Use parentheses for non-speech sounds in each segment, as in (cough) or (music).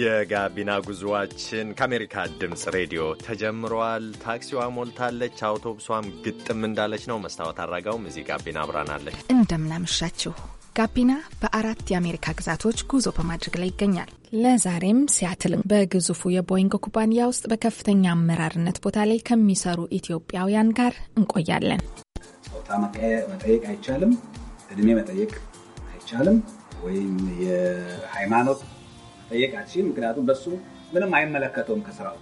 የጋቢና ጉዞዋችን ከአሜሪካ ድምፅ ሬዲዮ ተጀምሯል። ታክሲዋ ሞልታለች፣ አውቶቡሷም ግጥም እንዳለች ነው። መስታወት አድራጋውም እዚህ ጋቢና አብራናለች። እንደምናመሻችሁ። ጋቢና በአራት የአሜሪካ ግዛቶች ጉዞ በማድረግ ላይ ይገኛል። ለዛሬም ሲያትልም በግዙፉ የቦይንግ ኩባንያ ውስጥ በከፍተኛ አመራርነት ቦታ ላይ ከሚሰሩ ኢትዮጵያውያን ጋር እንቆያለን። ጾታ መጠየቅ አይቻልም፣ እድሜ መጠየቅ አይቻልም፣ ወይም የሃይማኖት መጠየቃችን፣ ምክንያቱም በሱ ምንም አይመለከተውም ከስራው።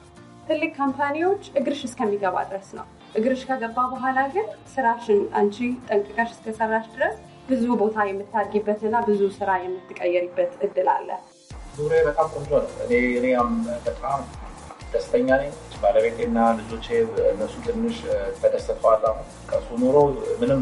ትልቅ ካምፓኒዎች እግርሽ እስከሚገባ ድረስ ነው። እግርሽ ከገባ በኋላ ግን ስራሽን አንቺ ጠንቅቀሽ እስከሰራሽ ድረስ ብዙ ቦታ የምታድጊበትና ብዙ ስራ የምትቀየሪበት እድል አለ። ዙሬ በጣም ቆንጆ ነው። እኔ በጣም ደስተኛ ነኝ። ባለቤቴና ልጆቼ እነሱ ትንሽ ተደስተዋል። ከሱ ኑሮ ምንም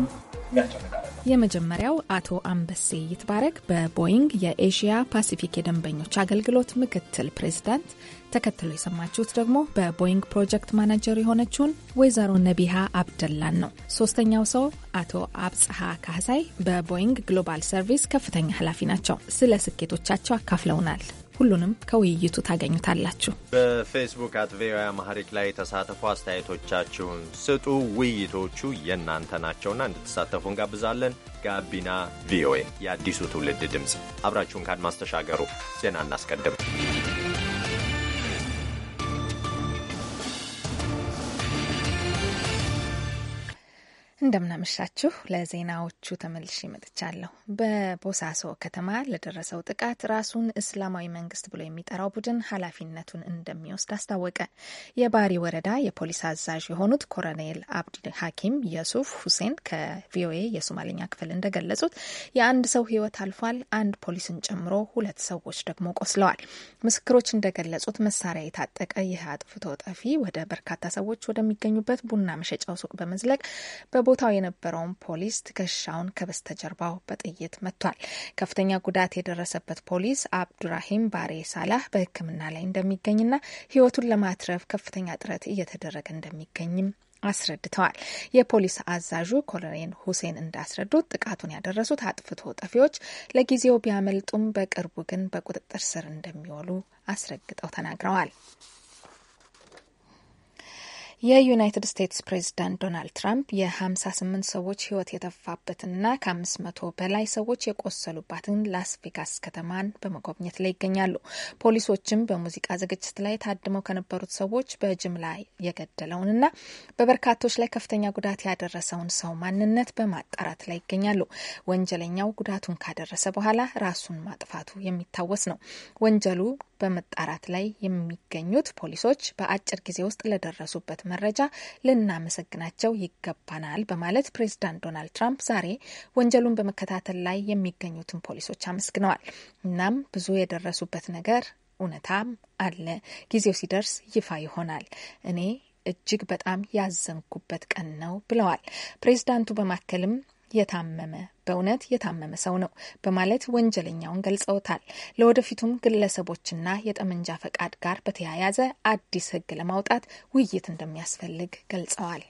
የሚያስጨንቅ የመጀመሪያው አቶ አንበሴ ይትባረግ በቦይንግ የኤሽያ ፓሲፊክ የደንበኞች አገልግሎት ምክትል ፕሬዚዳንት። ተከትሎ የሰማችሁት ደግሞ በቦይንግ ፕሮጀክት ማናጀር የሆነችውን ወይዘሮ ነቢሃ አብደላን ነው። ሶስተኛው ሰው አቶ አብጽሃ ካህሳይ በቦይንግ ግሎባል ሰርቪስ ከፍተኛ ኃላፊ ናቸው። ስለ ስኬቶቻቸው አካፍለውናል። ሁሉንም ከውይይቱ ታገኙታላችሁ። በፌስቡክ አት ቪኦኤ አማሪክ ላይ የተሳተፉ አስተያየቶቻችሁን ስጡ። ውይይቶቹ የእናንተ ናቸውና እንድትሳተፉ እንጋብዛለን። ጋቢና ቪኦኤ የአዲሱ ትውልድ ድምፅ፣ አብራችሁን ካድማስ ተሻገሩ። ዜና እናስቀድም። እንደምናመሻችሁ ለዜናዎቹ ተመልሼ መጥቻለሁ። በቦሳሶ ከተማ ለደረሰው ጥቃት ራሱን እስላማዊ መንግስት ብሎ የሚጠራው ቡድን ኃላፊነቱን እንደሚወስድ አስታወቀ። የባሪ ወረዳ የፖሊስ አዛዥ የሆኑት ኮሎኔል አብዲ ሐኪም የሱፍ ሁሴን ከቪኦኤ የሶማሌኛ ክፍል እንደገለጹት የአንድ ሰው ህይወት አልፏል። አንድ ፖሊስን ጨምሮ ሁለት ሰዎች ደግሞ ቆስለዋል። ምስክሮች እንደገለጹት መሳሪያ የታጠቀ ይህ አጥፍቶ ጠፊ ወደ በርካታ ሰዎች ወደሚገኙበት ቡና መሸጫው ሱቅ በመዝለቅ በቦታው የነበረውን ፖሊስ ትከሻውን ከበስተጀርባው በጥይት መቷል። ከፍተኛ ጉዳት የደረሰበት ፖሊስ አብዱራሂም ባሬ ሳላህ በሕክምና ላይ እንደሚገኝና ሕይወቱን ለማትረፍ ከፍተኛ ጥረት እየተደረገ እንደሚገኝም አስረድተዋል። የፖሊስ አዛዡ ኮሎኔል ሁሴን እንዳስረዱት ጥቃቱን ያደረሱት አጥፍቶ ጠፊዎች ለጊዜው ቢያመልጡም በቅርቡ ግን በቁጥጥር ስር እንደሚውሉ አስረግጠው ተናግረዋል። የዩናይትድ ስቴትስ ፕሬዚዳንት ዶናልድ ትራምፕ የ58 ሰዎች ህይወት የተፋበትና ከ500 በላይ ሰዎች የቆሰሉባትን ላስ ቬጋስ ከተማን በመጎብኘት ላይ ይገኛሉ። ፖሊሶችም በሙዚቃ ዝግጅት ላይ ታድመው ከነበሩት ሰዎች በጅምላ የገደለውንና በበርካቶች ላይ ከፍተኛ ጉዳት ያደረሰውን ሰው ማንነት በማጣራት ላይ ይገኛሉ። ወንጀለኛው ጉዳቱን ካደረሰ በኋላ ራሱን ማጥፋቱ የሚታወስ ነው። ወንጀሉ በመጣራት ላይ የሚገኙት ፖሊሶች በአጭር ጊዜ ውስጥ ለደረሱበት መረጃ ልናመሰግናቸው ይገባናል በማለት ፕሬዚዳንት ዶናልድ ትራምፕ ዛሬ ወንጀሉን በመከታተል ላይ የሚገኙትን ፖሊሶች አመስግነዋል። እናም ብዙ የደረሱበት ነገር እውነታም አለ፣ ጊዜው ሲደርስ ይፋ ይሆናል። እኔ እጅግ በጣም ያዘንኩበት ቀን ነው ብለዋል ፕሬዚዳንቱ በማከልም የታመመ በእውነት የታመመ ሰው ነው በማለት ወንጀለኛውን ገልጸውታል። ለወደፊቱም ግለሰቦችና የጠመንጃ ፈቃድ ጋር በተያያዘ አዲስ ሕግ ለማውጣት ውይይት እንደሚያስፈልግ ገልጸዋል።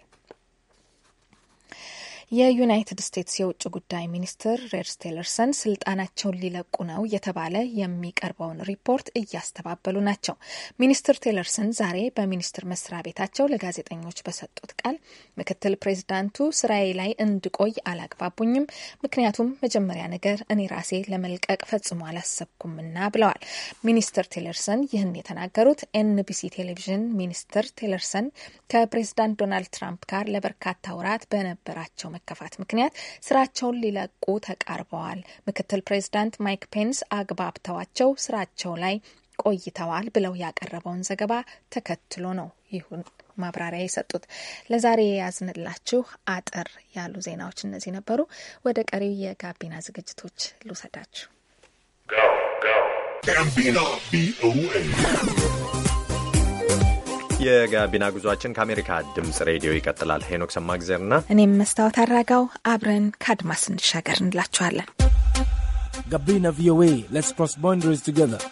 የዩናይትድ ስቴትስ የውጭ ጉዳይ ሚኒስትር ሬድስ ቴለርሰን ስልጣናቸውን ሊለቁ ነው የተባለ የሚቀርበውን ሪፖርት እያስተባበሉ ናቸው። ሚኒስትር ቴለርሰን ዛሬ በሚኒስትር መስሪያ ቤታቸው ለጋዜጠኞች በሰጡት ቃል ምክትል ፕሬዚዳንቱ ስራዬ ላይ እንድቆይ አላግባቡኝም፣ ምክንያቱም መጀመሪያ ነገር እኔ ራሴ ለመልቀቅ ፈጽሞ አላሰብኩምና ብለዋል። ሚኒስትር ቴለርሰን ይህን የተናገሩት ኤንቢሲ ቴሌቪዥን ሚኒስትር ቴለርሰን ከፕሬዚዳንት ዶናልድ ትራምፕ ጋር ለበርካታ ወራት በነበራቸው መከፋት ምክንያት ስራቸውን ሊለቁ ተቃርበዋል። ምክትል ፕሬዚዳንት ማይክ ፔንስ አግባብተዋቸው ስራቸው ላይ ቆይተዋል ብለው ያቀረበውን ዘገባ ተከትሎ ነው ይሁን ማብራሪያ የሰጡት። ለዛሬ የያዝንላችሁ አጠር ያሉ ዜናዎች እነዚህ ነበሩ። ወደ ቀሪው የጋቢና ዝግጅቶች ልውሰዳችሁ። የጋቢና ጉዟችን ከአሜሪካ ድምጽ ሬዲዮ ይቀጥላል። ሄኖክ ሰማግዜርና እኔም መስታወት አራጋው አብረን ከአድማስ እንሻገር እንላችኋለን። ጋቢና ቪኦኤ ሌትስ ክሮስ ቦንደሪስ ቱጌዘር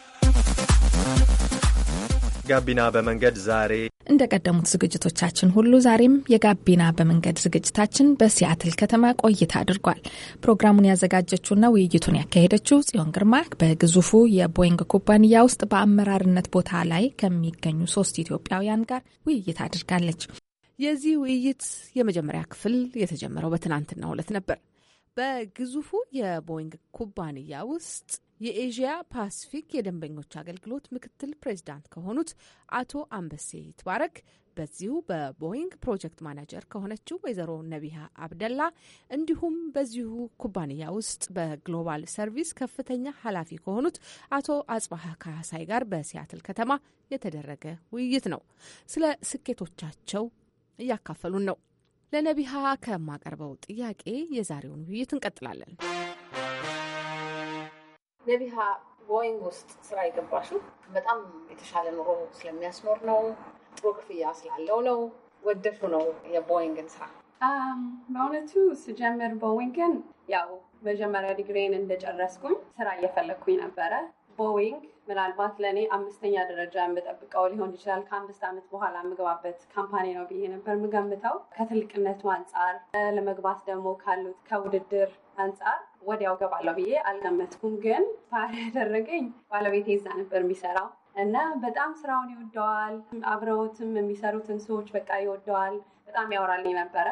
ጋቢና በመንገድ ዛሬ እንደ ቀደሙት ዝግጅቶቻችን ሁሉ ዛሬም የጋቢና በመንገድ ዝግጅታችን በሲያትል ከተማ ቆይታ አድርጓል። ፕሮግራሙን ያዘጋጀችውና ውይይቱን ያካሄደችው ጽዮን ግርማ በግዙፉ የቦይንግ ኩባንያ ውስጥ በአመራርነት ቦታ ላይ ከሚገኙ ሶስት ኢትዮጵያውያን ጋር ውይይት አድርጋለች። የዚህ ውይይት የመጀመሪያ ክፍል የተጀመረው በትናንትናው ዕለት ነበር። በግዙፉ የቦይንግ ኩባንያ ውስጥ የኤዥያ ፓስፊክ የደንበኞች አገልግሎት ምክትል ፕሬዚዳንት ከሆኑት አቶ አንበሴ ይትባረክ በዚሁ በቦይንግ ፕሮጀክት ማናጀር ከሆነችው ወይዘሮ ነቢሃ አብደላ እንዲሁም በዚሁ ኩባንያ ውስጥ በግሎባል ሰርቪስ ከፍተኛ ኃላፊ ከሆኑት አቶ አጽባሀ ካሳይ ጋር በሲያትል ከተማ የተደረገ ውይይት ነው። ስለ ስኬቶቻቸው እያካፈሉን ነው። ለነቢሃ ከማቀርበው ጥያቄ የዛሬውን ውይይት እንቀጥላለን። ነቢሃ ቦይንግ ውስጥ ስራ የገባሽው በጣም የተሻለ ኑሮ ስለሚያስኖር ነው? ጥሩ ክፍያ ስላለው ነው? ወደሹ ነው የቦይንግን ስራ? በእውነቱ ስጀምር ቦይንግን ያው መጀመሪያ ዲግሪን እንደጨረስኩኝ ስራ እየፈለግኩኝ ነበረ። ቦይንግ ምናልባት ለእኔ አምስተኛ ደረጃ የምጠብቀው ሊሆን ይችላል። ከአምስት ዓመት በኋላ የምገባበት ካምፓኒ ነው ብዬ ነበር የምገምተው። ከትልቅነቱ አንጻር ለመግባት ደግሞ ካሉት ከውድድር አንጻር ወዲያው ገባለሁ ብዬ አልገመትኩም። ግን ፋር ያደረገኝ ባለቤቴ እዛ ነበር የሚሰራው እና በጣም ስራውን ይወደዋል። አብረውትም የሚሰሩትን ሰዎች በቃ ይወደዋል። በጣም ያወራልኝ ነበረ።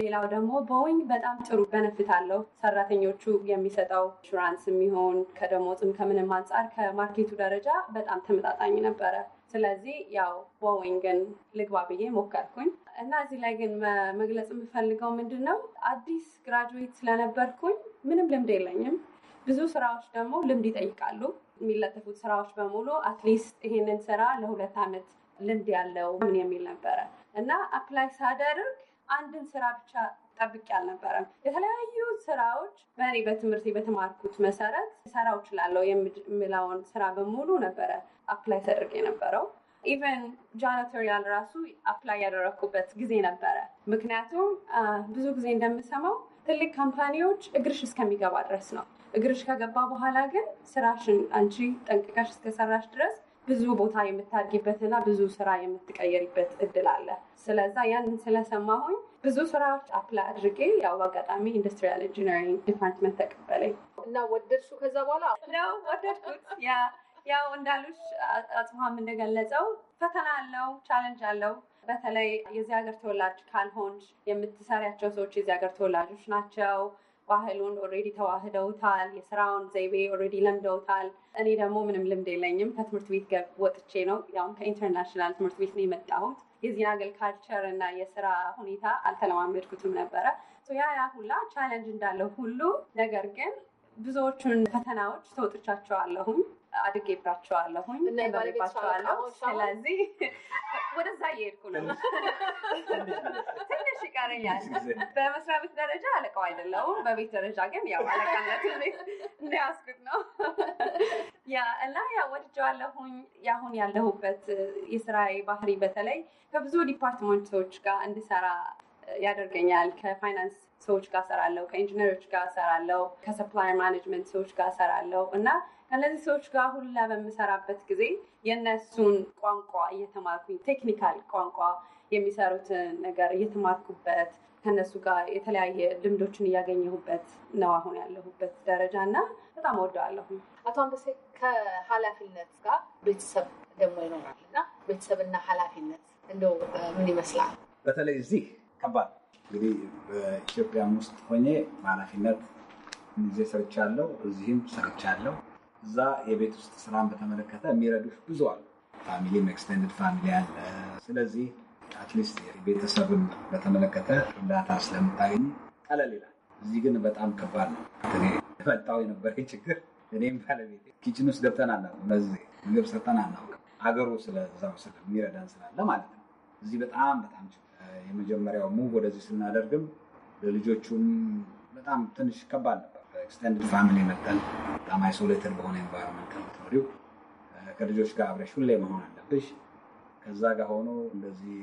ሌላው ደግሞ ቦይንግ በጣም ጥሩ በነፊት አለው። ሰራተኞቹ የሚሰጠው ኢንሹራንስ የሚሆን ከደሞዝም ከምንም አንጻር ከማርኬቱ ደረጃ በጣም ተመጣጣኝ ነበረ። ስለዚህ ያው ቦይንግን ልግባ ብዬ ሞከርኩኝ እና እዚህ ላይ ግን መግለጽ የምፈልገው ምንድን ነው አዲስ ግራጁዌት ስለነበርኩኝ ምንም ልምድ የለኝም። ብዙ ስራዎች ደግሞ ልምድ ይጠይቃሉ። የሚለጥፉት ስራዎች በሙሉ አትሊስት ይሄንን ስራ ለሁለት ዓመት ልምድ ያለው ምን የሚል ነበረ እና አፕላይ ሳደርግ አንድን ስራ ብቻ ጠብቄ አልነበረም። የተለያዩ ስራዎች በእኔ በትምህርት በተማርኩት መሰረት ሰራው እችላለሁ የምለውን ስራ በሙሉ ነበረ አፕላይ ሳደርግ የነበረው ኢቨን ጃናቶሪያል ራሱ አፕላይ ያደረግኩበት ጊዜ ነበረ። ምክንያቱም ብዙ ጊዜ እንደምሰማው ትልቅ ካምፓኒዎች እግርሽ እስከሚገባ ድረስ ነው። እግርሽ ከገባ በኋላ ግን ስራሽን አንቺ ጠንቅቀሽ እስከሰራሽ ድረስ ብዙ ቦታ የምታድጊበትና ብዙ ስራ የምትቀየሪበት እድል አለ። ስለዛ ያንን ስለሰማሁኝ ብዙ ስራዎች አፕላይ አድርጌ ያው በአጋጣሚ ኢንዱስትሪያል ኢንጂነሪንግ ዲፓርትመንት ተቀበለኝ እና ወደድሽው ከዛ በኋላ ነው ወደድኩት። ያው እንዳሉሽ አጽሀም እንደገለጸው ፈተና አለው፣ ቻለንጅ አለው። በተለይ የዚህ ሀገር ተወላጅ ካልሆንሽ የምትሰሪያቸው ሰዎች የዚህ ሀገር ተወላጆች ናቸው። ባህሉን ኦሬዲ ተዋህደውታል። የስራውን ዘይቤ ኦሬዲ ለምደውታል። እኔ ደግሞ ምንም ልምድ የለኝም። ከትምህርት ቤት ገብ ወጥቼ ነው ያውም ከኢንተርናሽናል ትምህርት ቤት ነው የመጣሁት። የዚህን ሀገር ካልቸር እና የስራ ሁኔታ አልተለማመድኩትም ነበረ። ያ ያ ሁላ ቻለንጅ እንዳለው ሁሉ ነገር ግን ብዙዎቹን ፈተናዎች ተወጥቻቸዋለሁም አድጌባቸዋለሁኝ ባቸዋለሁ። ስለዚህ (laughs) ወደዛ እየሄድኩ ነው። ትንሽ (laughs) ይቀረኛል። (laughs) በመስሪያ ቤት ደረጃ አለቃው አይደለሁም። በቤት ደረጃ ግን ያው አለቃነት እንዳያስኩት ነው። ያ እና ያ ወድጀዋለሁኝ። ያሁን ያለሁበት የስራዬ ባህሪ በተለይ ከብዙ ዲፓርትመንቶች ጋር እንድሰራ ያደርገኛል። ከፋይናንስ ሰዎች ጋር ሰራለው፣ ከኢንጂነሮች ጋር ሰራለው፣ ከሰፕላይ ማኔጅመንት ሰዎች ጋር ሰራለው እና ከነዚህ ሰዎች ጋር ሁላ በምሰራበት ጊዜ የእነሱን ቋንቋ እየተማርኩኝ ቴክኒካል ቋንቋ የሚሰሩትን ነገር እየተማርኩበት ከነሱ ጋር የተለያየ ልምዶችን እያገኘሁበት ነው አሁን ያለሁበት ደረጃ እና በጣም ወደዋለሁ። አቶ አንበሴ ከኃላፊነት ጋር ቤተሰብ ደግሞ ይኖራል እና ቤተሰብና ኃላፊነት እንደው ምን ይመስላል? በተለይ እዚህ ከባድ እንግዲህ በኢትዮጵያም ውስጥ ሆኜ በኃላፊነት ጊዜ ሰርቻለሁ፣ እዚህም ሰርቻለሁ። እዛ የቤት ውስጥ ስራን በተመለከተ የሚረዱሽ ብዙ አሉ። ፋሚሊም ኤክስቴንድድ ፋሚሊ አለ። ስለዚህ አትሊስት ቤተሰብን በተመለከተ እርዳታ ስለምታገኝ ቀለል ይላል። እዚህ ግን በጣም ከባድ ነው። የመጣው የነበረ ችግር እኔም ባለቤቴ ኪችን ውስጥ ገብተን አናውቅም። በዚህ ምግብ ሰርተን አናውቅም። አገሩ ስለዛው የሚረዳን ስላለ ማለት ነው። እዚህ በጣም በጣም የመጀመሪያው ሙቭ ወደዚህ ስናደርግም ለልጆቹም በጣም ትንሽ ከባድ ነበር። ኤክስቴንድ ፋሚሊ መጠን በጣም አይሶሌትድ በሆነ ኤንቫይሮንመንት ከምትኖሪው ከልጆች ጋር አብረሽ ሁሌ መሆን አለብሽ። ከዛ ጋር ሆኖ እንደዚህ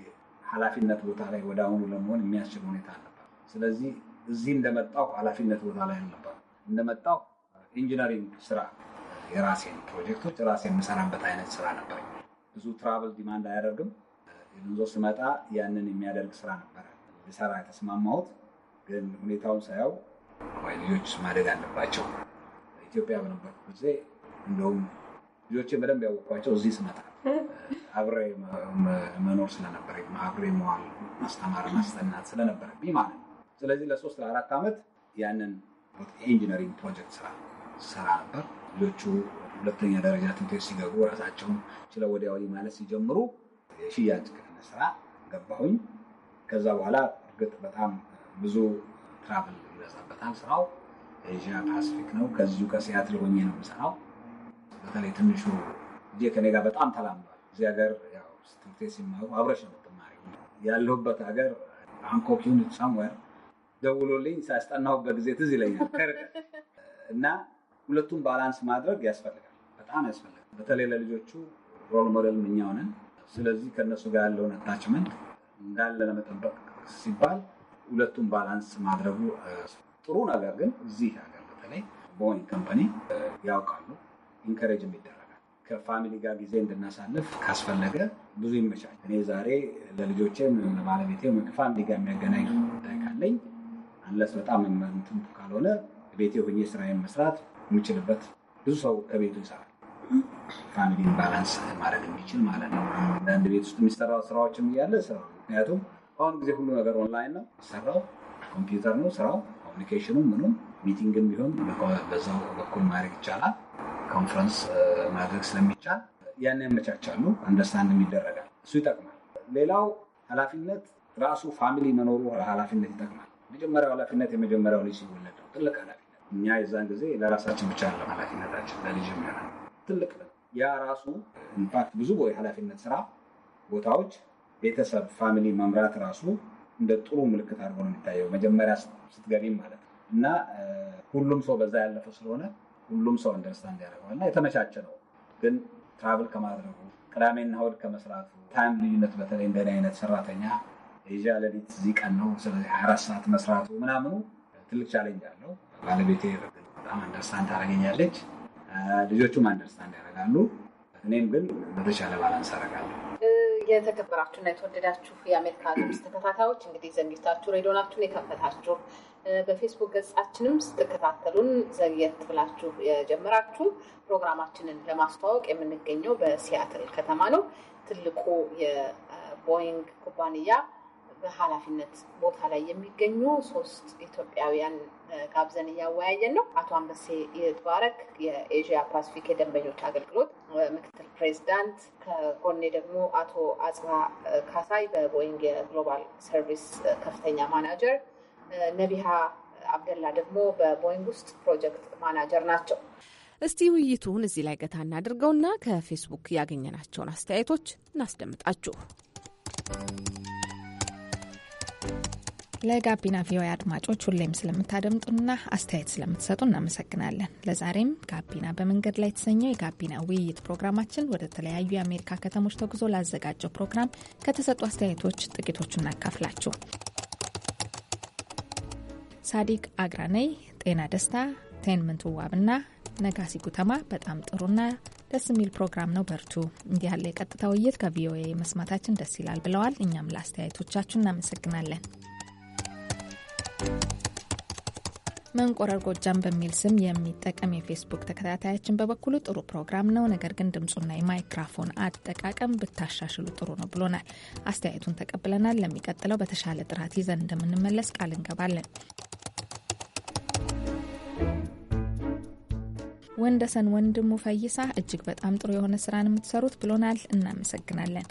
ኃላፊነት ቦታ ላይ ወደ አሁኑ ለመሆን የሚያስችል ሁኔታ አለባት። ስለዚህ እዚህ እንደመጣው ኃላፊነት ቦታ ላይ አለባት። እንደመጣው ኢንጂነሪንግ ስራ የራሴን ፕሮጀክቶች ራሴ የምሰራበት አይነት ስራ ነበር። ብዙ ትራቭል ዲማንድ አያደርግም። የብንዞ ስመጣ ያንን የሚያደርግ ስራ ነበረ ልሰራ የተስማማሁት። ግን ሁኔታውን ሳየው አባይ ልጆች ማደግ አለባቸው። ኢትዮጵያ በነበር ጊዜ እንደውም ልጆቼ በደንብ ያወቅኳቸው እዚህ ስመጣ አብሬ መኖር ስለነበረ አብሬ መዋል ማስተማር ማስጠናት ስለነበረብኝ ማለት ነው። ስለዚህ ለሶስት ለአራት ዓመት ያንን ኢንጂነሪንግ ፕሮጀክት ስራ ስራ ነበር። ልጆቹ ሁለተኛ ደረጃ ትምህርት ቤት ሲገቡ ራሳቸውን ችለው ወዲያ ወዲህ ማለት ሲጀምሩ የሽያጭ ስራ ገባሁኝ። ከዛ በኋላ እርግጥ በጣም ብዙ ትራቭል ይበዛበታል ስራው። ኤዥያ ፓስፊክ ነው። ከዚሁ ከሲያትል ሆኜ ነው የምሰራው። በተለይ ትንሹ ልጄ ከኔ ጋር በጣም ተላምዷል። እዚህ ሀገር ትምህርት ሲማሩ አብረሽ ነው ትማሪ ያለሁበት ሀገር አንኮክ ዩን ሳምዌር ደውሎልኝ ሳያስጠናሁበት ጊዜ ትዝ ይለኛል እና ሁለቱም ባላንስ ማድረግ ያስፈልጋል፣ በጣም ያስፈልጋል። በተለይ ለልጆቹ ሮል ሞዴል እኛ ሆነን፣ ስለዚህ ከእነሱ ጋር ያለውን አታችመንት እንዳለ ለመጠበቅ ሲባል ሁለቱም ባላንስ ማድረጉ ጥሩ ነገር ግን እዚህ ሀገር በተለይ ቦይንግ ካምፓኒ ያውቃሉ፣ ኢንከሬጅም ይደረጋል። ከፋሚሊ ጋር ጊዜ እንድናሳልፍ ካስፈለገ ብዙ ይመቻል። እኔ ዛሬ ለልጆቼም ለባለቤቴ ፋሚሊ ጋር የሚያገናኝ ጉዳይ ካለኝ አንለስ በጣም እንትን ካልሆነ ቤቴ ሆኜ ስራዬን መስራት የምችልበት ብዙ ሰው ከቤቱ ይሰራል። ፋሚሊን ባላንስ ማድረግ የሚችል ማለት ነው። አንዳንድ ቤት ውስጥ የሚሰራው ስራዎችም እያለ ስራ ምክንያቱም አሁን ጊዜ ሁሉ ነገር ኦንላይን ነው ሰራው። ኮምፒውተር ነው ስራው፣ ኮሚኒኬሽኑ ምኑም፣ ሚቲንግም ቢሆን በዛው በኩል ማድረግ ይቻላል። ኮንፈረንስ ማድረግ ስለሚቻል ያን ያመቻቻሉ፣ አንደርስታንድም ይደረጋል። እሱ ይጠቅማል። ሌላው ኃላፊነት ራሱ ፋሚሊ መኖሩ ሀላፊነት ይጠቅማል። መጀመሪያው ኃላፊነት የመጀመሪያው ልጅ ሲወለድ ነው ትልቅ ሀላፊነት እኛ የዛን ጊዜ ለራሳችን ብቻ ለ ሀላፊነታችን ለልጅ ትልቅ ያ ራሱ ኢንፋክት ብዙ ሀላፊነት ስራ ቦታዎች ቤተሰብ ፋሚሊ መምራት ራሱ እንደ ጥሩ ምልክት አድርጎ ነው የሚታየው መጀመሪያ ስትገቢም ማለት ነው። እና ሁሉም ሰው በዛ ያለፈው ስለሆነ ሁሉም ሰው አንደርስታንድ ያደርገዋል። እና የተመቻቸ ነው። ግን ትራቭል ከማድረጉ ቅዳሜና እሑድ ከመስራቱ ታይም ልዩነት፣ በተለይ እንደኔ አይነት ሰራተኛ የዚያ ሌሊት እዚህ ቀን ነው፣ ስለዚህ ሀያ አራት ሰዓት መስራቱ ምናምኑ ትልቅ ቻሌንጅ አለው። ባለቤቴ በጣም አንደርስታንድ ታደርገኛለች፣ ልጆቹም አንደርስታንድ ያደርጋሉ። እኔም ግን በተቻለ ባላንስ አደርጋለሁ። የተከበራችሁና የተወደዳችሁ የአሜሪካ ድምፅ ተከታታዮች እንግዲህ ዘግይታችሁ ሬዲዮናችሁን የከፈታችሁ በፌስቡክ ገጻችንም ስትከታተሉን ዘግየት ብላችሁ የጀመራችሁ ፕሮግራማችንን ለማስተዋወቅ የምንገኘው በሲያትል ከተማ ነው። ትልቁ የቦይንግ ኩባንያ በኃላፊነት ቦታ ላይ የሚገኙ ሶስት ኢትዮጵያውያን ጋብዘን እያወያየን ነው። አቶ አንበሴ ይትባረክ የኤዥያ ፓሲፊክ የደንበኞች አገልግሎት ምክትል ፕሬዚዳንት፣ ከጎኔ ደግሞ አቶ አጽባ ካሳይ በቦይንግ የግሎባል ሰርቪስ ከፍተኛ ማናጀር፣ ነቢሃ አብደላ ደግሞ በቦይንግ ውስጥ ፕሮጀክት ማናጀር ናቸው። እስቲ ውይይቱን እዚህ ላይ ገታ እናድርገውና ከፌስቡክ ያገኘናቸውን አስተያየቶች እናስደምጣችሁ። ለጋቢና ቪኦኤ አድማጮች ሁሌም ስለምታደምጡና አስተያየት ስለምትሰጡ እናመሰግናለን። ለዛሬም ጋቢና በመንገድ ላይ የተሰኘው የጋቢና ውይይት ፕሮግራማችን ወደ ተለያዩ የአሜሪካ ከተሞች ተጉዞ ላዘጋጀው ፕሮግራም ከተሰጡ አስተያየቶች ጥቂቶቹ እናካፍላችሁ። ሳዲቅ አግራነይ፣ ጤና ደስታ፣ ቴንምንት ውዋብና ነጋሲ ጉተማ በጣም ጥሩና ደስ የሚል ፕሮግራም ነው። በርቱ። እንዲህ ያለ የቀጥታ ውይይት ከቪኦኤ መስማታችን ደስ ይላል ብለዋል። እኛም ለአስተያየቶቻችሁ እናመሰግናለን። መንቆረር ጎጃም በሚል ስም የሚጠቀም የፌስቡክ ተከታታያችን በበኩሉ ጥሩ ፕሮግራም ነው፣ ነገር ግን ድምፁና የማይክራፎን አጠቃቀም ብታሻሽሉ ጥሩ ነው ብሎናል። አስተያየቱን ተቀብለናል። ለሚቀጥለው በተሻለ ጥራት ይዘን እንደምንመለስ ቃል እንገባለን። ወንደሰን ወንድሙ ፈይሳ እጅግ በጣም ጥሩ የሆነ ስራን የምትሰሩት ብሎናል። እናመሰግናለን።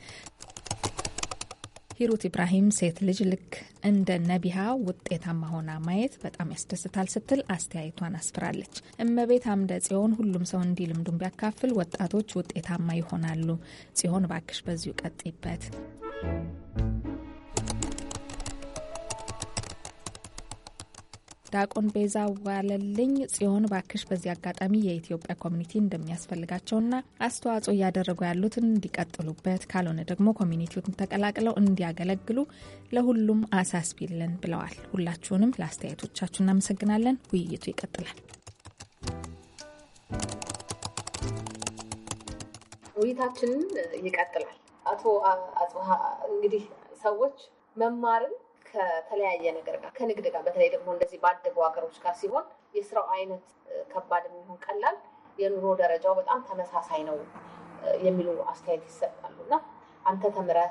ሂሩት ኢብራሂም ሴት ልጅ ልክ እንደ ነቢሃ ውጤታማ ሆና ማየት በጣም ያስደስታል ስትል አስተያየቷን አስፍራለች። እመቤት አምደ ጽዮን ሁሉም ሰው እንዲህ ልምዱን ቢያካፍል ወጣቶች ውጤታማ ይሆናሉ። ጽዮን ባክሽ በዚሁ ቀጥይበት። ዲያቆን ቤዛ ዋለልኝ ጽዮን ባክሽ በዚህ አጋጣሚ የኢትዮጵያ ኮሚኒቲ እንደሚያስፈልጋቸውና አስተዋጽኦ እያደረጉ ያሉትን እንዲቀጥሉበት ካልሆነ ደግሞ ኮሚኒቲውን ተቀላቅለው እንዲያገለግሉ ለሁሉም አሳስቢልን ብለዋል። ሁላችሁንም ለአስተያየቶቻችሁ እናመሰግናለን። ውይይቱ ይቀጥላል። ውይይታችንን ይቀጥላል። አቶ አጽብሃ እንግዲህ ሰዎች መማርን ከተለያየ ነገር ጋር ከንግድ ጋር በተለይ ደግሞ እንደዚህ ባደጉ ሀገሮች ጋር ሲሆን የስራው አይነት ከባድ የሚሆን ቀላል፣ የኑሮ ደረጃው በጣም ተመሳሳይ ነው የሚሉ አስተያየት ይሰጣሉ። እና አንተ ተምረህ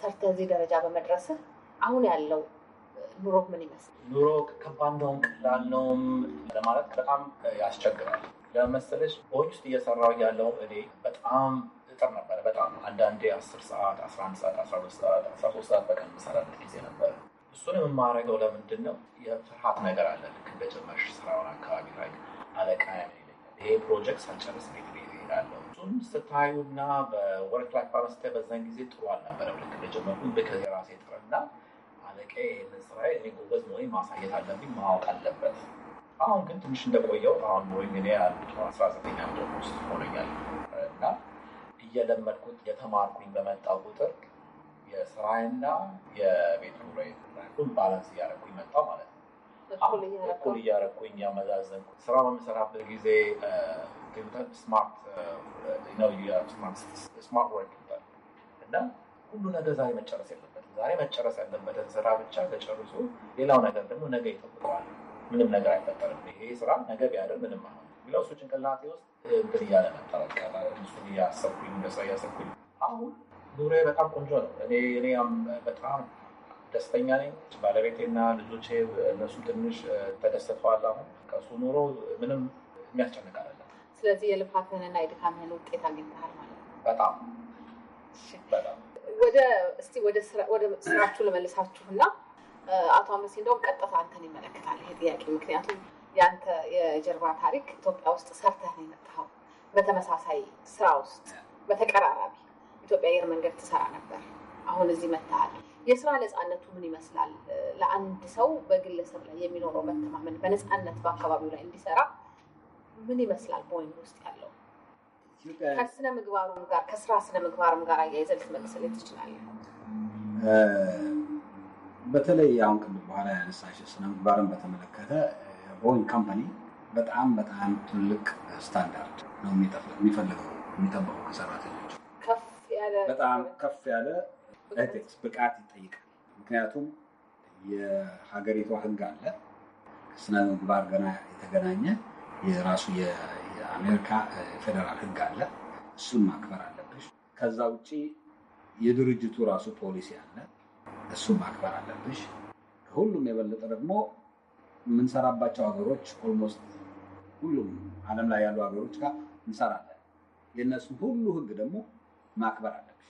ሰርተህ እዚህ ደረጃ በመድረስህ አሁን ያለው ኑሮ ምን ይመስል? ኑሮ ከባድ ነውም ቀላል ነውም ለማለት በጣም ያስቸግራል። ለመሰለሽ ቦይ ውስጥ እየሰራው ያለው እኔ በጣም እጠር ነበረ በጣም አንዳንዴ አስር ሰዓት አስራ አንድ ሰዓት አስራ ሁለት ሰዓት አስራ ሶስት ሰዓት በቀን የምሰራበት ጊዜ ነበረ። እሱን የማደርገው ለምንድን ነው? የፍርሃት ነገር አለ። ልክ እንደጀመርሽ ስራውን አካባቢ ላይ አለቃ ይሄ ፕሮጀክት ሳልጨርስ ቤት እሄዳለሁ። እሱም ስታዩና በወርክ ላይፍ ባላንስ ላይ በዛን ጊዜ ጥሩ አልነበረም። ልክ እንደጀመርኩኝ ብክዝ የራሴ ጥርና አለቀ ይህንን ስራ እኔ ጎበዝ መሆኔን ማሳየት አለብኝ ማወቅ አለበት። አሁን ግን ትንሽ እንደቆየው አሁን ወይም እኔ ያሉት አስራ ዘጠኝ ዓመት ውስጥ ሆነኛል እየለመድኩት የተማርኩኝ በመጣው ቁጥር የስራዬና የቤት ውሎዬ ሁሉም ባላንስ እያደረኩኝ መጣ ማለት ነው። እኩል እያደረኩኝ ያመዛዘንኩ ስራ በምሰራበት ጊዜ ስማርት ወርክ ይባል እና ሁሉ ነገር ዛሬ መጨረስ ያለበት ዛሬ መጨረስ ያለበትን ስራ ብቻ ተጨርሶ ሌላው ነገር ደግሞ ነገ ይጠብቀዋል። ምንም ነገር አይፈጠርም። ይሄ ስራ ነገ ቢያደር ምንም አለ የሚለው እሱ ጭንቅላቴ ውስጥ እንትን እያለ መጣ። እሱን እያሰብኩኝ እንደሰው እያሰብኩኝ አሁን ኑሬ በጣም ቆንጆ ነው። እኔ እኔ በጣም ደስተኛ ነኝ። ባለቤቴና ልጆቼ እነሱም ትንሽ ተደስተዋል። አሁን ከእሱ ኑሮ ምንም የሚያስጨንቅ አይደለም። ስለዚህ የልፋትህንና የድካምህን ውጤት አግኝተሃል ማለት ነው። በጣም በጣም ወደ እስቲ ወደ ስራችሁ ልመልሳችሁና አቶ አመሴ እንደውም ቀጥታ አንተን ይመለከታል ይሄ ጥያቄ ምክንያቱም ያንተ የጀርባ ታሪክ ኢትዮጵያ ውስጥ ሰርተህ ነው የመጣኸው። በተመሳሳይ ስራ ውስጥ በተቀራራቢ ኢትዮጵያ አየር መንገድ ትሰራ ነበር። አሁን እዚህ መታሃል። የስራ ነፃነቱ ምን ይመስላል? ለአንድ ሰው በግለሰብ ላይ የሚኖረው መተማመን በነፃነት በአካባቢው ላይ እንዲሰራ ምን ይመስላል? ቦይንግ ውስጥ ያለው ከስነ ምግባሩም ጋር ከስራ ስነ ምግባርም ጋር አያይዘህ ልትመልስልኝ ትችላለህ። በተለይ አሁን ቅድም በኋላ ያነሳቸው ስነምግባርን በተመለከተ ቦይንግ ካምፓኒ በጣም በጣም ትልቅ ስታንዳርድ ነው የሚፈልገው የሚጠብቀው ከሰራተኞች በጣም ከፍ ያለ ኤቲክስ ብቃት ይጠይቃል። ምክንያቱም የሀገሪቷ ህግ አለ ስነ ምግባር ገና የተገናኘ የራሱ የአሜሪካ ፌዴራል ህግ አለ። እሱን ማክበር አለብሽ። ከዛ ውጭ የድርጅቱ ራሱ ፖሊሲ አለ። እሱን ማክበር አለብሽ። ሁሉም የበለጠ ደግሞ የምንሰራባቸው ሀገሮች ኦልሞስት ሁሉም አለም ላይ ያሉ ሀገሮች ጋር እንሰራለን። የእነሱ ሁሉ ህግ ደግሞ ማክበር አለብሽ።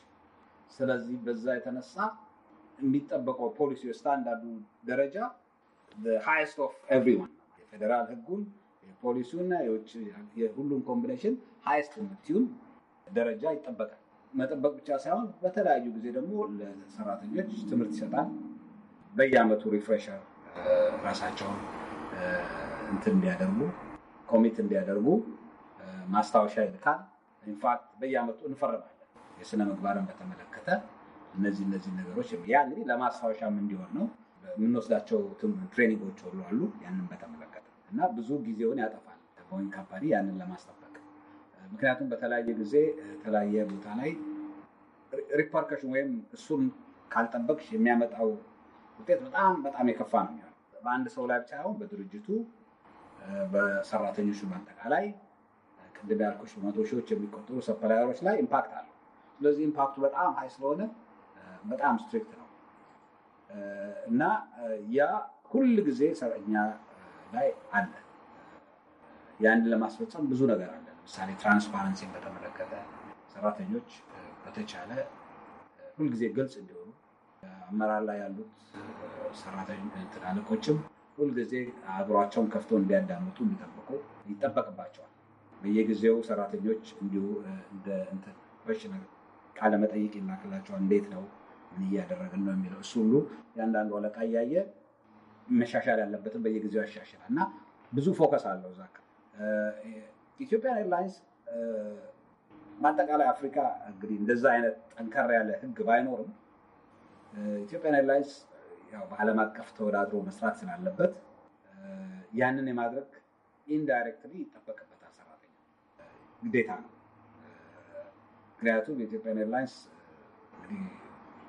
ስለዚህ በዛ የተነሳ የሚጠበቀው ፖሊሲ ስታንዳርዱ ደረጃ ሃይስት ኦፍ ኤቭሪዋን የፌዴራል ህጉን የፖሊሱና የሁሉም ኮምቢኔሽን ሃይስት የምትዩን ደረጃ ይጠበቃል። መጠበቅ ብቻ ሳይሆን በተለያዩ ጊዜ ደግሞ ለሰራተኞች ትምህርት ይሰጣል። በየአመቱ ሪፍሬሸር ራሳቸውን እንትን እንዲያደርጉ ኮሚት እንዲያደርጉ ማስታወሻ ይልካል። ኢንፋክት በየአመቱ እንፈርማለን የስነ ምግባርን በተመለከተ እነዚህ እነዚህ ነገሮች ያ እንግዲህ ለማስታወሻም እንዲሆን ነው። የምንወስዳቸው ትሬኒንጎች ሁሉ አሉ ያንን በተመለከተ እና ብዙ ጊዜውን ያጠፋል ቦይንግ ካምፓኒ ያንን ለማስጠበቅ ምክንያቱም በተለያየ ጊዜ የተለያየ ቦታ ላይ ሪፐርከሽን ወይም እሱን ካልጠበቅሽ የሚያመጣው ውጤት በጣም በጣም የከፋ ነው። በአንድ ሰው ላይ ብቻ ሳይሆን በድርጅቱ በሰራተኞቹ በአጠቃላይ ቅድም ያልኩሽ በመቶ ሺዎች የሚቆጠሩ ሰፕላየሮች ላይ ኢምፓክት አለው። ስለዚህ ኢምፓክቱ በጣም ሀይ ስለሆነ በጣም ስትሪክት ነው እና ያ ሁል ጊዜ ሰራተኛ ላይ አለ። ያንን ለማስፈጸም ብዙ ነገር አለ። ለምሳሌ ትራንስፓረንሲን በተመለከተ ሰራተኞች በተቻለ ሁልጊዜ ግልጽ እንዲሆኑ አመራር ላይ ያሉት ሰራተኞች አለቆችም ሁልጊዜ አእምሯቸውን ከፍቶ እንዲያዳምጡ እንዲጠብቁ ይጠበቅባቸዋል። በየጊዜው ሰራተኞች እንዲሁ በሽነ ቃለ መጠይቅ ይላክላቸዋል። እንዴት ነው ምን እያደረግን ነው የሚለው እሱ ሁሉ ያንዳንዱ አለቃ እያየ መሻሻል ያለበትን በየጊዜው ያሻሽላል እና ብዙ ፎከስ አለው እዛ ኢትዮጵያን ኤርላይንስ በአጠቃላይ አፍሪካ እንግዲህ እንደዛ አይነት ጠንከር ያለ ህግ ባይኖርም ኢትዮጵያን ኤርላይንስ በዓለም አቀፍ ተወዳድሮ መስራት ስላለበት ያንን የማድረግ ኢንዳይሬክትሊ ይጠበቅበታል። ሰራተኛ ግዴታ ነው። ምክንያቱም የኢትዮጵያን ኤርላይንስ እንግዲህ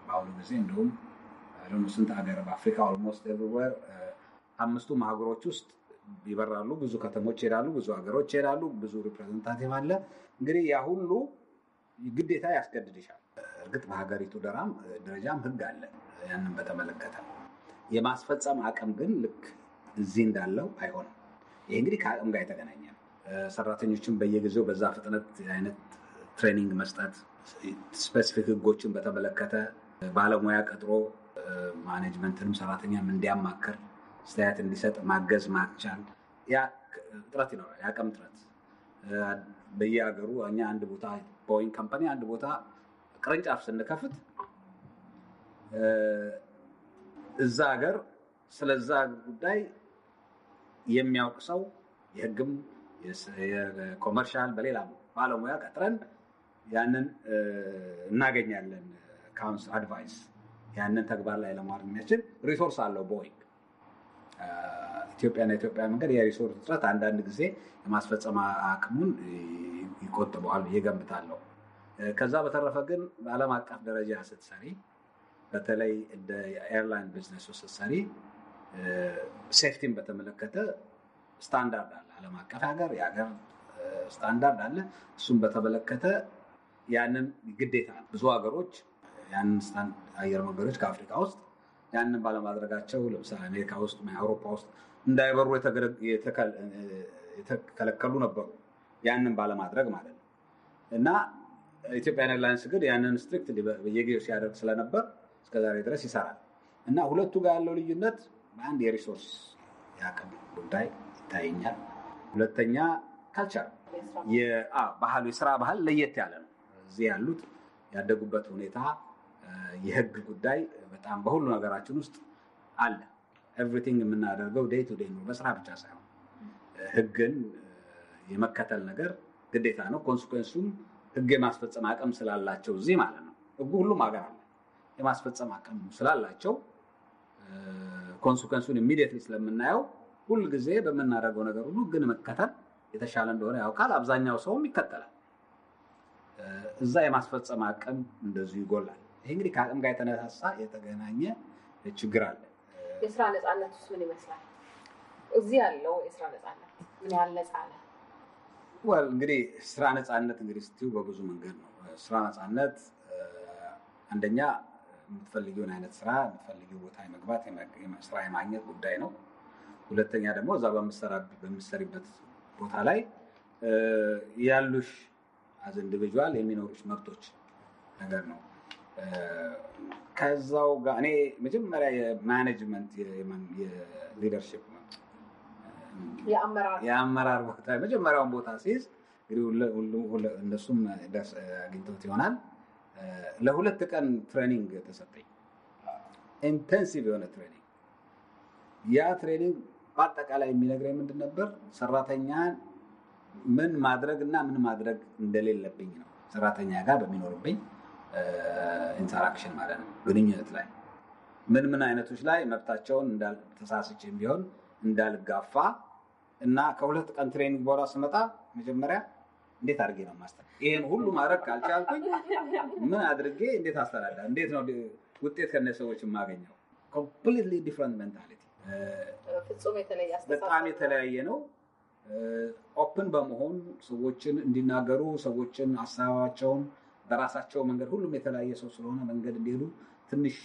በአሁኑ ጊዜ እንዲሁም ደግሞ ስንት ሀገር በአፍሪካ ኦልሞስት ኤቨሪዌር አምስቱም ሀገሮች ውስጥ ይበራሉ። ብዙ ከተሞች ይሄዳሉ፣ ብዙ ሀገሮች ይሄዳሉ፣ ብዙ ሪፕሬዘንታቲቭ አለ። እንግዲህ ያ ሁሉ ግዴታ ያስገድድሻል። እርግጥ በሀገሪቱ ደራም ደረጃም ህግ አለ። ያንን በተመለከተ የማስፈጸም አቅም ግን ልክ እዚህ እንዳለው አይሆንም። ይህ እንግዲህ ከአቅም ጋር የተገናኘ ነው። ሰራተኞችን በየጊዜው በዛ ፍጥነት አይነት ትሬኒንግ መስጠት፣ ስፔሲፊክ ህጎችን በተመለከተ ባለሙያ ቀጥሮ ማኔጅመንትንም ሰራተኛም እንዲያማክር አስተያየት እንዲሰጥ ማገዝ ማቻል ጥረት ይኖራል። የአቅም ጥረት በየሀገሩ እኛ አንድ ቦታ ቦይንግ ካምፓኒ አንድ ቦታ ቅርንጫፍ ስንከፍት እዛ ሀገር ስለዛ ጉዳይ የሚያውቅ ሰው የህግም የኮመርሻል በሌላ ባለሙያ ቀጥረን ያንን እናገኛለን። ካውንስ አድቫይስ ያንን ተግባር ላይ ለማድረግ የሚያስችል ሪሶርስ አለው ቦይንግ። ኢትዮጵያና ኢትዮጵያ መንገድ የሪሶርስ እጥረት አንዳንድ ጊዜ የማስፈጸም አቅሙን ይቆጥበዋል ብዬ ከዛ በተረፈ ግን በዓለም አቀፍ ደረጃ ስትሰሪ በተለይ እንደ የኤርላይን ቢዝነስ ውስጥ ስትሰሪ ሴፍቲን በተመለከተ ስታንዳርድ አለ። ዓለም አቀፍ ሀገር የሀገር ስታንዳርድ አለ። እሱም በተመለከተ ያንን ግዴታ ብዙ ሀገሮች ያንን አየር መንገዶች ከአፍሪካ ውስጥ ያንን ባለማድረጋቸው ለምሳሌ አሜሪካ ውስጥ፣ አውሮፓ ውስጥ እንዳይበሩ የተከለከሉ ነበሩ። ያንን ባለማድረግ ማለት ነው እና ኢትዮጵያን ኤርላይንስ ግን ያንን ስትሪክት በየጊዜው ሲያደርግ ስለነበር እስከዛሬ ድረስ ይሰራል እና ሁለቱ ጋር ያለው ልዩነት በአንድ የሪሶርስ የአቅም ጉዳይ ይታየኛል። ሁለተኛ ካልቸር ባህሉ የስራ ባህል ለየት ያለ ነው። እዚህ ያሉት ያደጉበት ሁኔታ የህግ ጉዳይ በጣም በሁሉ ነገራችን ውስጥ አለ። ኤቭሪቲንግ የምናደርገው ዴይ ቱ ዴይ ነው፣ በስራ ብቻ ሳይሆን ህግን የመከተል ነገር ግዴታ ነው። ኮንስኮንሱም ህግ የማስፈጸም አቅም ስላላቸው እዚህ ማለት ነው። ህጉ ሁሉም ሀገር አለ የማስፈጸም አቅም ስላላቸው ኮንስኮንሱን ኢሚዲየትሊ ስለምናየው ሁልጊዜ በምናደርገው ነገር ሁሉ ግን መከተል የተሻለ እንደሆነ ያውቃል። አብዛኛው ሰውም ይከተላል። እዛ የማስፈጸም አቅም እንደዚሁ ይጎላል። ይህ እንግዲህ ከአቅም ጋር የተነሳሳ የተገናኘ ችግር አለ። የስራ ነፃነት ውስጥ ምን ይመስላል? እዚህ ያለው የስራ ነፃነት ምን ያህል ነጻ ነው? ወል እንግዲህ ስራ ነፃነት እንግዲህ ስትዩ በብዙ መንገድ ነው። ስራ ነፃነት አንደኛ የምትፈልጊውን አይነት ስራ የምትፈልጊው ቦታ የመግባት ስራ የማግኘት ጉዳይ ነው። ሁለተኛ ደግሞ እዛ በምሰሪበት ቦታ ላይ ያሉሽ አዝ ኢንዲቪጁዋል የሚኖሩሽ መብቶች ነገር ነው። ከዛው ጋር እኔ መጀመሪያ የማኔጅመንት የሊደርሽፕ የአመራር ቦታ መጀመሪያውን ቦታ ሲይዝ እንግዲህ እነሱም አግኝተውት ይሆናል ለሁለት ቀን ትሬኒንግ ተሰጠኝ። ኢንቴንሲቭ የሆነ ትሬኒንግ። ያ ትሬኒንግ በአጠቃላይ የሚነግረኝ ምንድን ነበር? ምን ማድረግ እና ምን ማድረግ እንደሌለብኝ ነው። ሰራተኛ ጋር በሚኖርብኝ ኢንተራክሽን ማለት ነው፣ ግንኙነት ላይ ምን ምን አይነቶች ላይ መብታቸውን ተሳስቼም ቢሆን እንዳልጋፋ እና ከሁለት ቀን ትሬኒንግ በኋላ ስመጣ መጀመሪያ እንዴት አድርጌ ነው ማስተር ይህን ሁሉ ማድረግ ካልቻልኩኝ ምን አድርጌ እንዴት አስተዳዳ እንዴት ነው ውጤት ከነ ሰዎች የማገኘው? ኮምፕሊትሊ ዲፍረንት ሜንታሊቲ በጣም የተለያየ ነው። ኦፕን በመሆን ሰዎችን እንዲናገሩ ሰዎችን አሳባቸውን በራሳቸው መንገድ ሁሉም የተለያየ ሰው ስለሆነ መንገድ እንዲሄዱ ትንሽ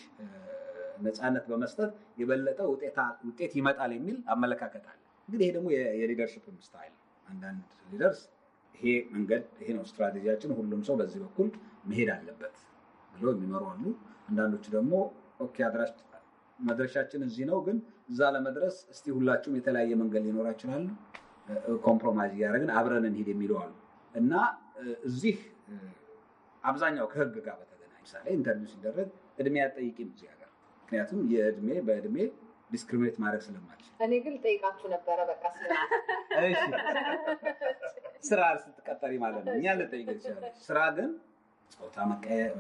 ነፃነት በመስጠት የበለጠ ውጤት ይመጣል የሚል አመለካከት አለ። እንግዲህ ይሄ ደግሞ የሊደርሽፕ ስታይል አንዳንድ ሊደርስ ይሄ መንገድ ይሄ ነው ስትራቴጂያችን፣ ሁሉም ሰው በዚህ በኩል መሄድ አለበት ብሎ የሚመሩ አሉ። አንዳንዶቹ ደግሞ ኦኬ መድረሻችን እዚህ ነው፣ ግን እዛ ለመድረስ እስቲ ሁላችሁም የተለያየ መንገድ ሊኖራ ይችላሉ፣ ኮምፕሮማይዝ እያደረግን አብረን እንሂድ የሚለው አሉ እና እዚህ አብዛኛው ከህግ ጋር በተገናኝ ምሳሌ ኢንተርቪው ሲደረግ እድሜ አጠይቂም እዚህ ሀገር ምክንያቱም የእድሜ በእድሜ ዲስክሪሚኔት ማድረግ ስለማልችል እኔ ግን ጠይቃችሁ ነበረ። በቃ ስራ ስትቀጠሪ ማለት ነው። እኛ ልጠይቅ ይችላል። ስራ ግን ፆታ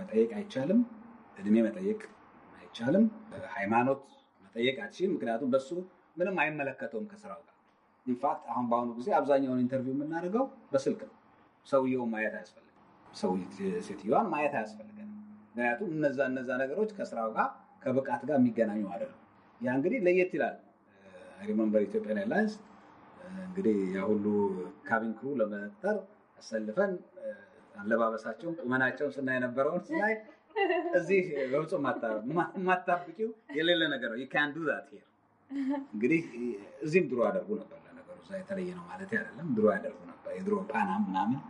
መጠየቅ አይቻልም። እድሜ መጠየቅ አይቻልም። ሃይማኖት መጠየቅ አትችልም። ምክንያቱም በሱ ምንም አይመለከተውም ከስራው ጋር። ኢንፋክት አሁን በአሁኑ ጊዜ አብዛኛውን ኢንተርቪው የምናደርገው በስልክ ነው። ሰውየውን ማየት አያስፈልግም። ሰው ሴትዮዋን ማየት አያስፈልገንም። ምክንያቱም እነዛ እነዛ ነገሮች ከስራው ጋር ከብቃት ጋር የሚገናኙ አይደለም። ያ እንግዲህ ለየት ይላል። ሪመንበር ኢትዮጵያን ኤርላይንስ እንግዲህ ያ ሁሉ ካቢን ክሩ ለመጠር አሰልፈን አለባበሳቸውን ቁመናቸውን ስናይ የነበረውን ስናይ እዚህ በፍጹም ማታብቂው የሌለ ነገር ነው። ካን ዱ ዛት ሄር እንግዲህ እዚህም ድሮ ያደርጉ ነበር። ለነገሩ እዛ የተለየ ነው ማለት አይደለም። ድሮ ያደርጉ ነበር። የድሮ ፓና ምናምን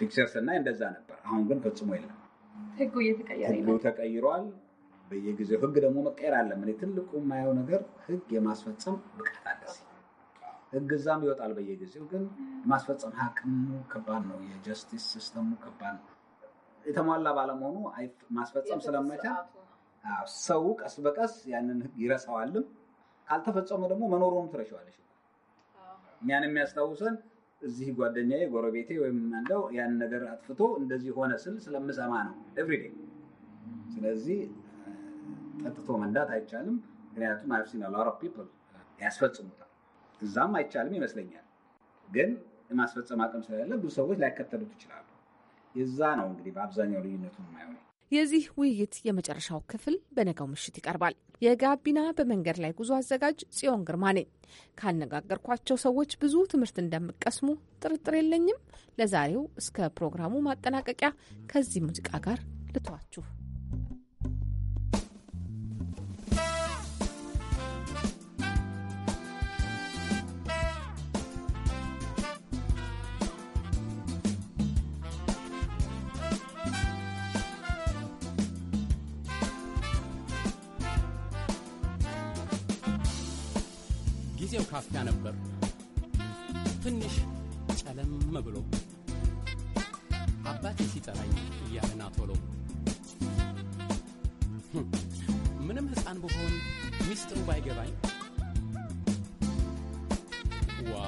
ፒክቸር ስናይ እንደዛ ነበር። አሁን ግን ፈጽሞ የለም። ህጉ ተቀይሯል። በየጊዜው ህግ ደግሞ መቀየር አለ። እኔ ትልቁ የማየው ነገር ህግ የማስፈጸም ብቃት አለ። ህግ እዛም ይወጣል በየጊዜው ግን የማስፈጸም አቅሙ ከባድ ነው። የጀስቲስ ሲስተሙ ከባድ ነው። የተሟላ ባለመሆኑ ማስፈጸም ስለመቻል ሰው ቀስ በቀስ ያንን ህግ ይረሳዋልም። ካልተፈጸመ ደግሞ መኖሩንም ትረሻዋለች። እኛን የሚያስታውሰን እዚህ ጓደኛዬ፣ ጎረቤቴ ወይም ያለው ያን ነገር አጥፍቶ እንደዚህ ሆነ ስል ስለምሰማ ነው ስለዚህ ጠጥቶ መንዳት አይቻልም። ምክንያቱም አብሲን አላረብ ፒፕል ያስፈጽሙታል። እዛም አይቻልም ይመስለኛል። ግን የማስፈጸም አቅም ስለሌለ ብዙ ሰዎች ላይከተሉት ይችላሉ። የዛ ነው እንግዲህ በአብዛኛው ልዩነቱ የማይሆነ የዚህ ውይይት የመጨረሻው ክፍል በነገው ምሽት ይቀርባል። የጋቢና በመንገድ ላይ ጉዞ አዘጋጅ ጽዮን ግርማ ነኝ። ካነጋገርኳቸው ሰዎች ብዙ ትምህርት እንደምቀስሙ ጥርጥር የለኝም። ለዛሬው እስከ ፕሮግራሙ ማጠናቀቂያ ከዚህ ሙዚቃ ጋር ልተዋችሁ። ካፊያ ነበር ትንሽ ጨለም ብሎ አባቴ ሲጠራኝ እያለና ቶሎ ምንም ሕፃን ብሆን ሚስጥሩ ባይገባኝ ዋ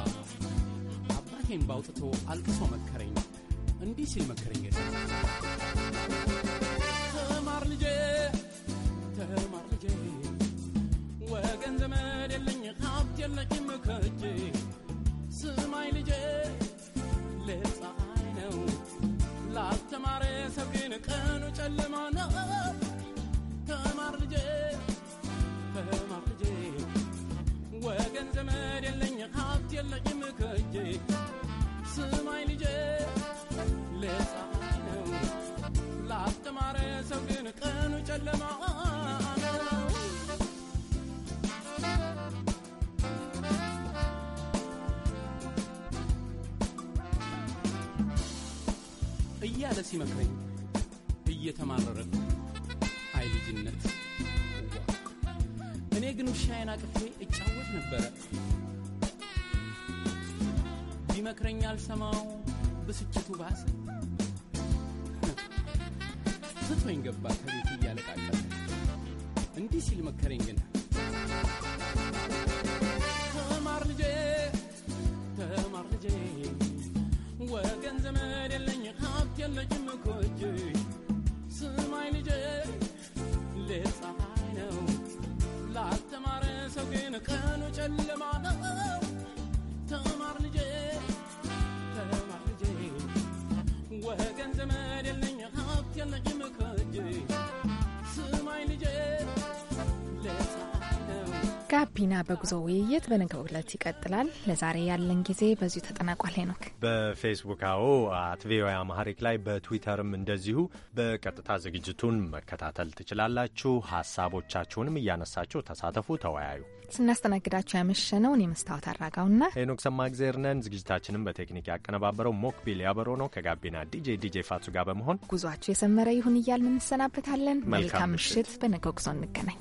አባቴን ባውጥቶ አልቅሶ መከረኝ። እንዲህ ሲል መከረኝ፣ ጌታ ተማር ልጄ፣ ተማር ልጄ፣ ወገን ዘመድ የለኝ የለችም ከእጄ ስማይ ልጄ ለፀሐይ ነው ላስተማረ ሰው ግን ቀኑ ጨለማ ነው። ተማር ልጄ ተማር ልጄ ወገን ዘመድ የለኝ ሀብት የለችም ከእጄ ስማይ ልጄ ለፀሐይ ነው ላስተማረ ሰው ግን ቀኑ ጨለማ እያለ ሲመክረኝ እየተማረረ ነው። አይ ልጅነት! እኔ ግን ውሻዬን አቅፌ እጫወት ነበረ። ቢመክረኝ አልሰማው ብስጭቱ ባሰ። ስቶኝ ገባ ከቤት እያለቃቀለ እንዲህ ሲል መከረኝ ግን ተማር ልጄ ተማር ልጄ ወገን ዘመድ የለኝ የለችም እኮ እጄ ስማኝ ልጄ ፀሐይ ነው ላልተማረ ሰው ግን ቀኑ ጨለማ ነው። ተማር ልጄ ተማር ልጄ ወገን ዘመድ የለኝ ሀብት የለኝ ጋቢና በጉዞ ውይይት በነገው ዕለት ይቀጥላል። ለዛሬ ያለን ጊዜ በዚሁ ተጠናቋል። ሄኖክ በፌስቡክ አዎ አት ቪኦኤ አማሪክ ላይ በትዊተርም እንደዚሁ በቀጥታ ዝግጅቱን መከታተል ትችላላችሁ። ሀሳቦቻችሁንም እያነሳችሁ ተሳተፉ፣ ተወያዩ። ስናስተናግዳችሁ ያመሸነው እኔ መስታወት አራጋውና ሄኖክ ሰማእግዜር ነን። ዝግጅታችንም በቴክኒክ ያቀነባበረው ሞክቢል ያበሮ ነው። ከጋቢና ዲጄ ዲጄ ፋቱ ጋር በመሆን ጉዟችሁ የሰመረ ይሁን እያልን እንሰናበታለን። መልካም ምሽት። በነገው ጉዞ እንገናኝ።